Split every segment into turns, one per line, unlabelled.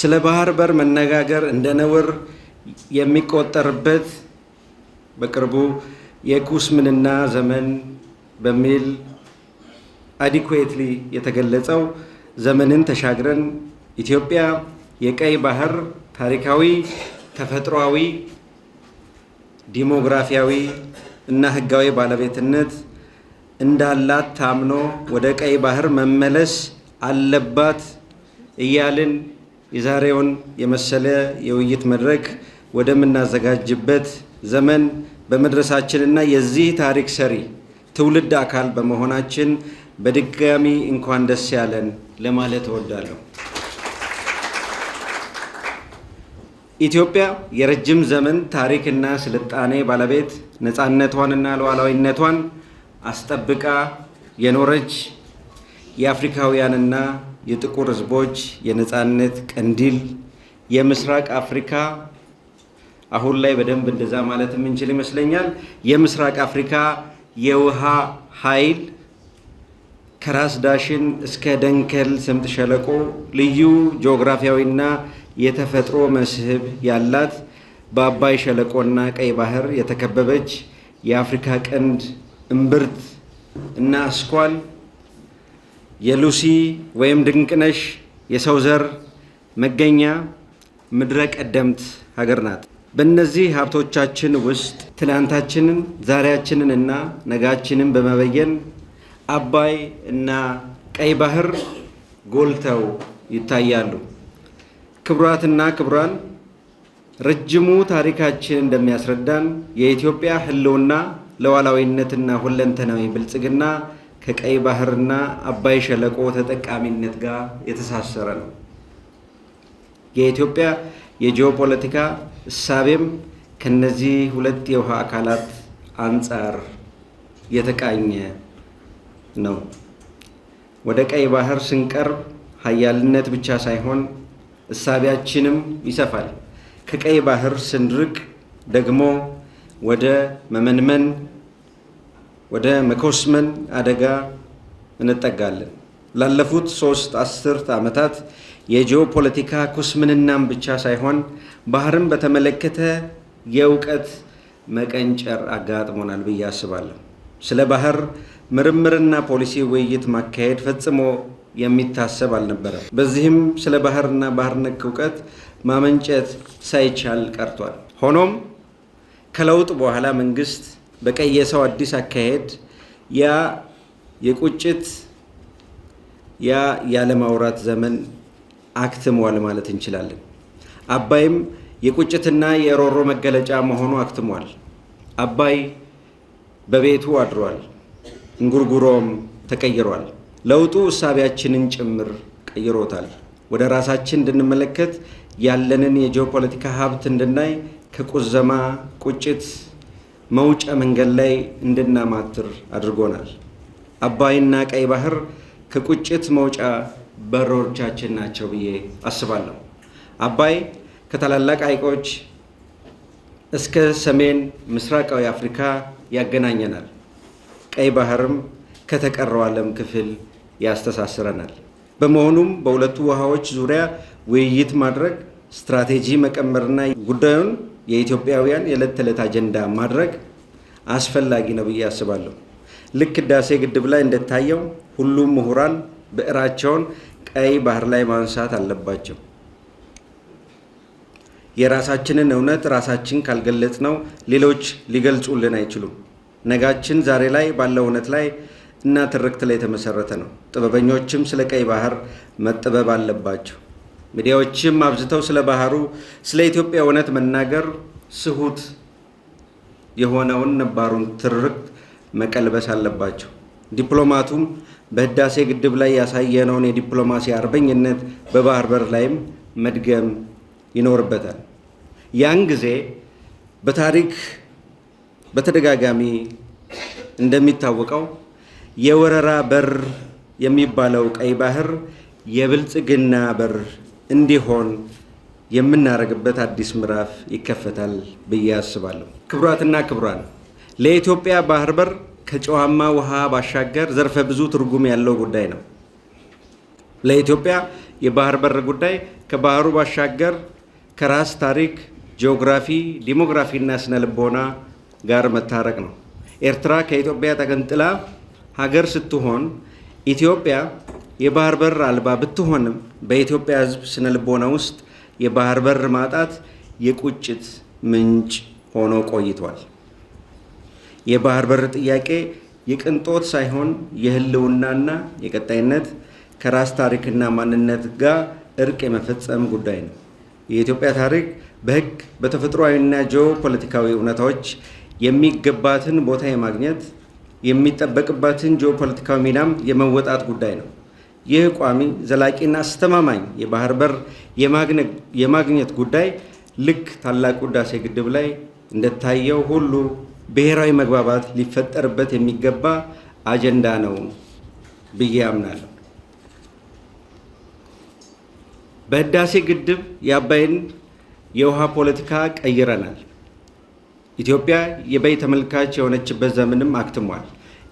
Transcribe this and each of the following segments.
ስለ ባህር በር መነጋገር እንደ ነውር የሚቆጠርበት በቅርቡ የኩስምንና ዘመን በሚል አዲኩዌትሊ የተገለጸው ዘመንን ተሻግረን ኢትዮጵያ የቀይ ባህር ታሪካዊ፣ ተፈጥሯዊ፣ ዲሞግራፊያዊ እና ሕጋዊ ባለቤትነት እንዳላት ታምኖ ወደ ቀይ ባህር መመለስ አለባት እያልን የዛሬውን የመሰለ የውይይት መድረክ ወደምናዘጋጅበት ዘመን በመድረሳችንና የዚህ ታሪክ ሰሪ ትውልድ አካል በመሆናችን በድጋሚ እንኳን ደስ ያለን ለማለት እወዳለሁ። ኢትዮጵያ የረጅም ዘመን ታሪክና ስልጣኔ ባለቤት ነፃነቷንና ሉዓላዊነቷን አስጠብቃ የኖረች የአፍሪካውያንና የጥቁር ህዝቦች የነፃነት ቀንዲል የምስራቅ አፍሪካ አሁን ላይ በደንብ እንደዛ ማለት የምንችል ይመስለኛል። የምስራቅ አፍሪካ የውሃ ኃይል ከራስ ዳሽን እስከ ደንከል ስምጥ ሸለቆ ልዩ ጂኦግራፊያዊና የተፈጥሮ መስህብ ያላት በአባይ ሸለቆና ቀይ ባህር የተከበበች የአፍሪካ ቀንድ እምብርት እና አስኳል የሉሲ ወይም ድንቅነሽ የሰው ዘር መገኛ ምድረ ቀደምት ሀገር ናት። በእነዚህ ሀብቶቻችን ውስጥ ትናንታችንን፣ ዛሬያችንን እና ነጋችንን በመበየን አባይ እና ቀይ ባህር ጎልተው ይታያሉ። ክቡራትና ክቡራን፣ ረጅሙ ታሪካችን እንደሚያስረዳን የኢትዮጵያ ሕልውና ለዋላዊነትና ሁለንተናዊ ብልጽግና ከቀይ ባህርና አባይ ሸለቆ ተጠቃሚነት ጋር የተሳሰረ ነው። የኢትዮጵያ የጂኦፖለቲካ እሳቤም ከነዚህ ሁለት የውሃ አካላት አንጻር የተቃኘ ነው። ወደ ቀይ ባህር ስንቀርብ ሀያልነት ብቻ ሳይሆን እሳቢያችንም ይሰፋል። ከቀይ ባህር ስንርቅ ደግሞ ወደ መመንመን ወደ መኮስመን አደጋ እንጠጋለን። ላለፉት ሶስት አስርት ዓመታት የጂኦፖለቲካ ኩስምንናም ብቻ ሳይሆን ባህርን በተመለከተ የእውቀት መቀንጨር አጋጥሞናል ብዬ አስባለሁ። ስለ ባህር ምርምርና ፖሊሲ ውይይት ማካሄድ ፈጽሞ የሚታሰብ አልነበረም። በዚህም ስለ ባህርና ባህር ነክ እውቀት ማመንጨት ሳይቻል ቀርቷል። ሆኖም ከለውጥ በኋላ መንግስት በቀየሰው አዲስ አካሄድ ያ የቁጭት ያ ያለማውራት ዘመን አክትሟል ማለት እንችላለን። አባይም የቁጭትና የሮሮ መገለጫ መሆኑ አክትሟል። አባይ በቤቱ አድሯል፣ እንጉርጉሮም ተቀይሯል። ለውጡ እሳቢያችንን ጭምር ቀይሮታል። ወደ ራሳችን እንድንመለከት ያለንን የጂኦፖለቲካ ሀብት እንድናይ ከቁዘማ ቁጭት መውጫ መንገድ ላይ እንድናማትር አድርጎናል። አባይና ቀይ ባህር ከቁጭት መውጫ በሮቻችን ናቸው ብዬ አስባለሁ። አባይ ከታላላቅ ሐይቆች እስከ ሰሜን ምስራቃዊ አፍሪካ ያገናኘናል። ቀይ ባህርም ከተቀረው ዓለም ክፍል ያስተሳስረናል። በመሆኑም በሁለቱ ውሃዎች ዙሪያ ውይይት ማድረግ ስትራቴጂ መቀመርና ጉዳዩን የኢትዮጵያውያን የዕለት ተዕለት አጀንዳ ማድረግ አስፈላጊ ነው ብዬ አስባለሁ። ልክ ህዳሴ ግድብ ላይ እንደታየው ሁሉም ምሁራን ብዕራቸውን ቀይ ባህር ላይ ማንሳት አለባቸው። የራሳችንን እውነት ራሳችን ካልገለጽ ነው ሌሎች ሊገልጹልን አይችሉም። ነጋችን ዛሬ ላይ ባለው እውነት ላይ እና ትርክት ላይ የተመሰረተ ነው። ጥበበኞችም ስለ ቀይ ባህር መጥበብ አለባቸው። ሚዲያዎችም አብዝተው ስለ ባህሩ፣ ስለ ኢትዮጵያ እውነት መናገር ስሁት የሆነውን ነባሩን ትርክት መቀልበስ አለባቸው። ዲፕሎማቱም በህዳሴ ግድብ ላይ ያሳየነውን የዲፕሎማሲ አርበኝነት በባህር በር ላይም መድገም ይኖርበታል። ያን ጊዜ በታሪክ በተደጋጋሚ እንደሚታወቀው የወረራ በር የሚባለው ቀይ ባህር የብልጽግና በር እንዲሆን የምናደርግበት አዲስ ምዕራፍ ይከፈታል ብዬ አስባለሁ። ክቡራትና ክቡራን ለኢትዮጵያ ባህር በር ከጨዋማ ውሃ ባሻገር ዘርፈ ብዙ ትርጉም ያለው ጉዳይ ነው። ለኢትዮጵያ የባህር በር ጉዳይ ከባህሩ ባሻገር ከራስ ታሪክ፣ ጂኦግራፊ፣ ዲሞግራፊና ስነ ልቦና ጋር መታረቅ ነው። ኤርትራ ከኢትዮጵያ ተገንጥላ ሀገር ስትሆን ኢትዮጵያ የባህር በር አልባ ብትሆንም በኢትዮጵያ ሕዝብ ስነልቦና ውስጥ የባህር በር ማጣት የቁጭት ምንጭ ሆኖ ቆይቷል። የባህር በር ጥያቄ የቅንጦት ሳይሆን የህልውናና የቀጣይነት ከራስ ታሪክና ማንነት ጋር እርቅ የመፈጸም ጉዳይ ነው። የኢትዮጵያ ታሪክ በህግ በተፈጥሯዊና ጂኦ ፖለቲካዊ እውነታዎች የሚገባትን ቦታ የማግኘት የሚጠበቅባትን ጂኦፖለቲካዊ ሚናም የመወጣት ጉዳይ ነው። ይህ ቋሚ ዘላቂና አስተማማኝ የባህር በር የማግኘት ጉዳይ ልክ ታላቁ ህዳሴ ግድብ ላይ እንደታየው ሁሉ ብሔራዊ መግባባት ሊፈጠርበት የሚገባ አጀንዳ ነው ብዬ አምናለሁ። በህዳሴ ግድብ የአባይን የውሃ ፖለቲካ ቀይረናል። ኢትዮጵያ የበይ ተመልካች የሆነችበት ዘመንም አክትሟል።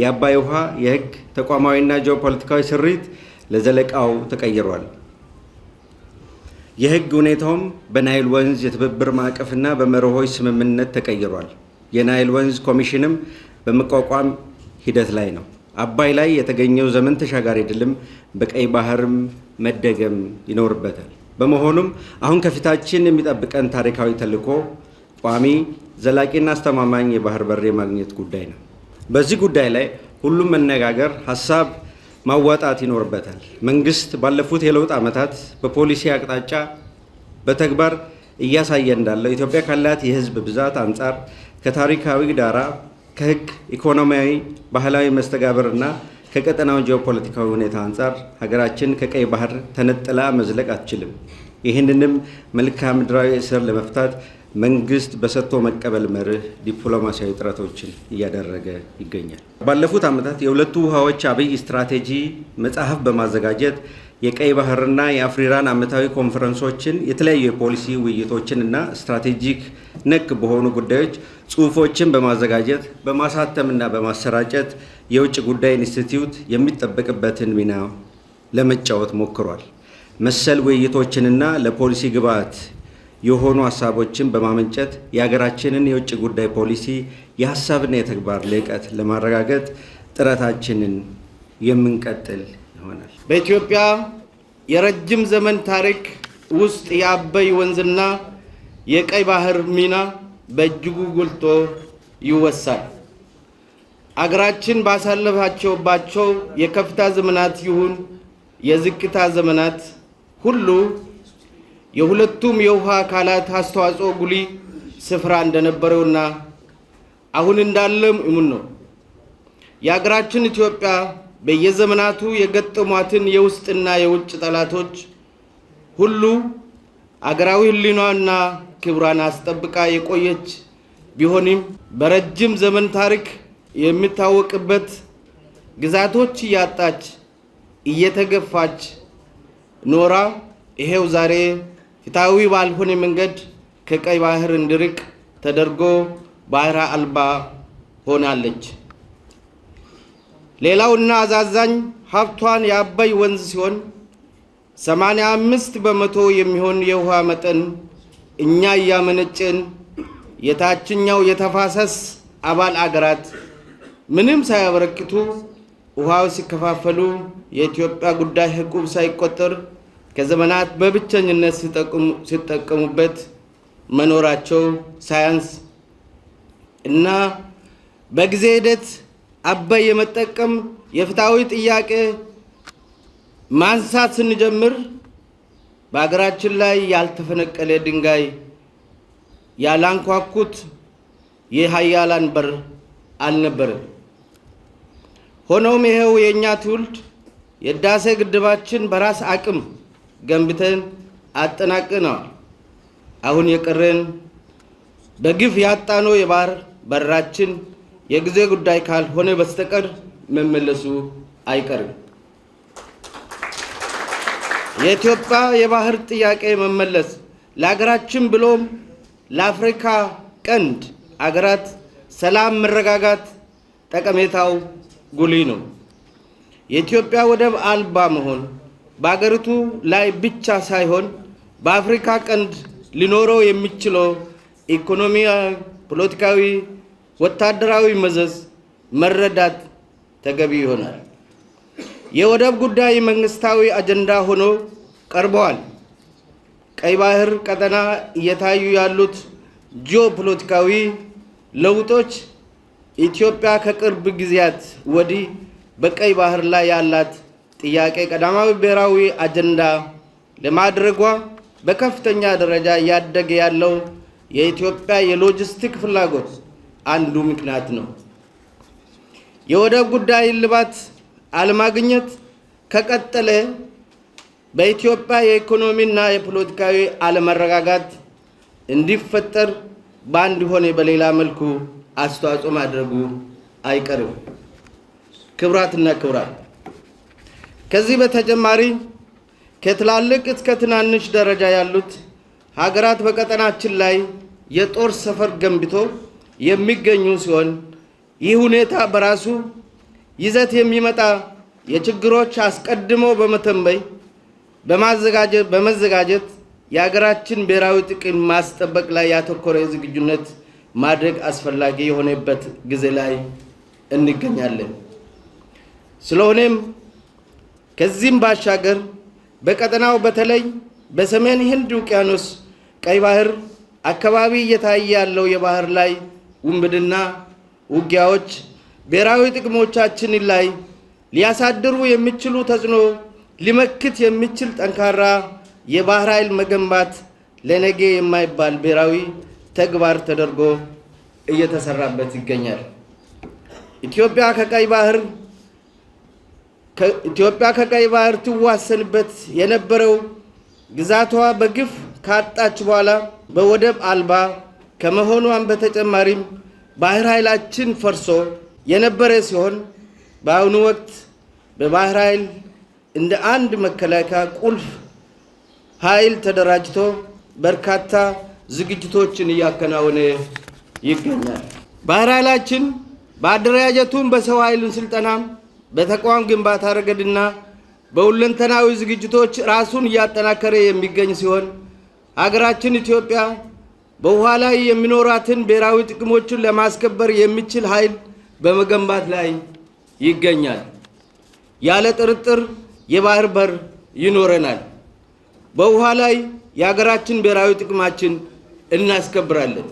የአባይ ውሃ የህግ ተቋማዊና ጂኦፖለቲካዊ ስሪት ለዘለቃው ተቀይሯል። የህግ ሁኔታውም በናይል ወንዝ የትብብር ማዕቀፍና በመርሆች ስምምነት ተቀይሯል። የናይል ወንዝ ኮሚሽንም በመቋቋም ሂደት ላይ ነው። አባይ ላይ የተገኘው ዘመን ተሻጋሪ ድልም በቀይ ባህርም መደገም ይኖርበታል። በመሆኑም አሁን ከፊታችን የሚጠብቀን ታሪካዊ ተልዕኮ ቋሚ፣ ዘላቂና አስተማማኝ የባህር በር የማግኘት ጉዳይ ነው። በዚህ ጉዳይ ላይ ሁሉም መነጋገር ሀሳብ ማዋጣት ይኖርበታል። መንግስት ባለፉት የለውጥ ዓመታት በፖሊሲ አቅጣጫ በተግባር እያሳየ እንዳለው ኢትዮጵያ ካላት የህዝብ ብዛት አንጻር ከታሪካዊ ዳራ፣ ከህግ፣ ኢኮኖሚያዊ፣ ባህላዊ መስተጋብር እና ከቀጠናው ጂኦፖለቲካዊ ሁኔታ አንጻር ሀገራችን ከቀይ ባህር ተነጥላ መዝለቅ አትችልም። ይህንንም መልክዓ ምድራዊ እስር ለመፍታት መንግስት በሰጥቶ መቀበል መርህ ዲፕሎማሲያዊ ጥረቶችን እያደረገ ይገኛል። ባለፉት ዓመታት የሁለቱ ውሃዎች አብይ ስትራቴጂ መጽሐፍ በማዘጋጀት የቀይ ባህርና የአፍሪራን ዓመታዊ ኮንፈረንሶችን፣ የተለያዩ የፖሊሲ ውይይቶችን እና ስትራቴጂክ ነክ በሆኑ ጉዳዮች ጽሁፎችን በማዘጋጀት በማሳተምና በማሰራጨት የውጭ ጉዳይ ኢንስቲትዩት የሚጠበቅበትን ሚና ለመጫወት ሞክሯል። መሰል ውይይቶችንና ለፖሊሲ ግብዓት የሆኑ ሀሳቦችን በማመንጨት የሀገራችንን የውጭ ጉዳይ ፖሊሲ የሀሳብና የተግባር ልዕቀት ለማረጋገጥ ጥረታችንን የምንቀጥል ይሆናል። በኢትዮጵያ የረጅም ዘመን ታሪክ ውስጥ የአበይ ወንዝና የቀይ ባህር ሚና በእጅጉ ጎልቶ ይወሳል። አገራችን ባሳለፋቸውባቸው የከፍታ ዘመናት ይሁን የዝቅታ ዘመናት ሁሉ የሁለቱም የውሃ አካላት አስተዋጽኦ ጉሊ ስፍራ እንደነበረውና አሁን እንዳለም እሙን ነው። የሀገራችን ኢትዮጵያ በየዘመናቱ የገጠሟትን የውስጥና የውጭ ጠላቶች ሁሉ አገራዊ ህሊኗና ክብሯን አስጠብቃ የቆየች ቢሆንም በረጅም ዘመን ታሪክ የምታወቅበት ግዛቶች እያጣች እየተገፋች ኖራ ይሄው ዛሬ ፊታዊ ባልሆነ መንገድ ከቀይ ባህር እንዲርቅ ተደርጎ ባህረ አልባ ሆናለች። ሌላውና አዛዛኝ ሀብቷን የአባይ ወንዝ ሲሆን 85 በመቶ የሚሆን የውሃ መጠን እኛ እያመነጭን የታችኛው የተፋሰስ አባል አገራት ምንም ሳያበረክቱ ውሃው ሲከፋፈሉ የኢትዮጵያ ጉዳይ ህቁብ ሳይቆጠር ከዘመናት በብቸኝነት ሲጠቀሙበት መኖራቸው ሳያንስ እና በጊዜ ሂደት አባይ የመጠቀም የፍትሐዊ ጥያቄ ማንሳት ስንጀምር በሀገራችን ላይ ያልተፈነቀለ ድንጋይ ያላንኳኩት የሀያላን በር አልነበረም። ሆኖም ይኸው የእኛ ትውልድ የህዳሴ ግድባችን በራስ አቅም ገንብተን አጠናቅነዋል። አሁን የቀረን በግፍ ያጣነው የባህር በራችን የጊዜ ጉዳይ ካልሆነ በስተቀር መመለሱ አይቀርም። የኢትዮጵያ የባህር ጥያቄ መመለስ ለሀገራችን ብሎም ለአፍሪካ ቀንድ አገራት ሰላም፣ መረጋጋት ጠቀሜታው ጉልህ ነው። የኢትዮጵያ ወደብ አልባ መሆን በአገሪቱ ላይ ብቻ ሳይሆን በአፍሪካ ቀንድ ሊኖረው የሚችለው ኢኮኖሚያዊ፣ ፖለቲካዊ፣ ወታደራዊ መዘዝ መረዳት ተገቢ ይሆናል። የወደብ ጉዳይ መንግስታዊ አጀንዳ ሆኖ ቀርበዋል። ቀይ ባህር ቀጠና እየታዩ ያሉት ጂኦፖለቲካዊ ለውጦች ኢትዮጵያ ከቅርብ ጊዜያት ወዲህ በቀይ ባህር ላይ ያላት ጥያቄ ቀዳማዊ ብሔራዊ አጀንዳ ለማድረጓ በከፍተኛ ደረጃ እያደገ ያለው የኢትዮጵያ የሎጂስቲክ ፍላጎት አንዱ ምክንያት ነው። የወደብ ጉዳይ እልባት አለማግኘት ከቀጠለ በኢትዮጵያ የኢኮኖሚና የፖለቲካዊ አለመረጋጋት እንዲፈጠር በአንድ ሆነ በሌላ መልኩ አስተዋጽኦ ማድረጉ አይቀርም። ክብራትና ክብራት ከዚህ በተጨማሪ ከትላልቅ እስከ ትናንሽ ደረጃ ያሉት ሀገራት በቀጠናችን ላይ የጦር ሰፈር ገንብቶ የሚገኙ ሲሆን ይህ ሁኔታ በራሱ ይዘት የሚመጣ የችግሮች አስቀድሞ በመተንበይ በመዘጋጀት የሀገራችን ብሔራዊ ጥቅም ማስጠበቅ ላይ ያተኮረ ዝግጁነት ማድረግ አስፈላጊ የሆነበት ጊዜ ላይ እንገኛለን። ስለሆነም ከዚህም ባሻገር በቀጠናው በተለይ በሰሜን ህንድ ውቅያኖስ ቀይ ባህር አካባቢ እየታየ ያለው የባህር ላይ ውንብድና ውጊያዎች ብሔራዊ ጥቅሞቻችን ላይ ሊያሳድሩ የሚችሉ ተጽዕኖ ሊመክት የሚችል ጠንካራ የባህር ኃይል መገንባት ለነገ የማይባል ብሔራዊ ተግባር ተደርጎ እየተሰራበት ይገኛል። ኢትዮጵያ ከቀይ ባህር ኢትዮጵያ ከቀይ ባህር ትዋሰንበት የነበረው ግዛቷ በግፍ ካጣች በኋላ በወደብ አልባ ከመሆኗን በተጨማሪም ባህር ኃይላችን ፈርሶ የነበረ ሲሆን በአሁኑ ወቅት በባህር ኃይል እንደ አንድ መከላከያ ቁልፍ ኃይል ተደራጅቶ በርካታ ዝግጅቶችን እያከናወነ ይገኛል። ባህር ኃይላችን በአደረጃጀቱም በሰው ኃይሉን ስልጠና በተቋም ግንባታ ረገድና በሁለንተናዊ ዝግጅቶች ራሱን እያጠናከረ የሚገኝ ሲሆን ሀገራችን ኢትዮጵያ በውሃ ላይ የሚኖራትን ብሔራዊ ጥቅሞችን ለማስከበር የሚችል ኃይል በመገንባት ላይ ይገኛል። ያለ ጥርጥር የባህር በር ይኖረናል። በውሃ ላይ የሀገራችን ብሔራዊ ጥቅማችን እናስከብራለን።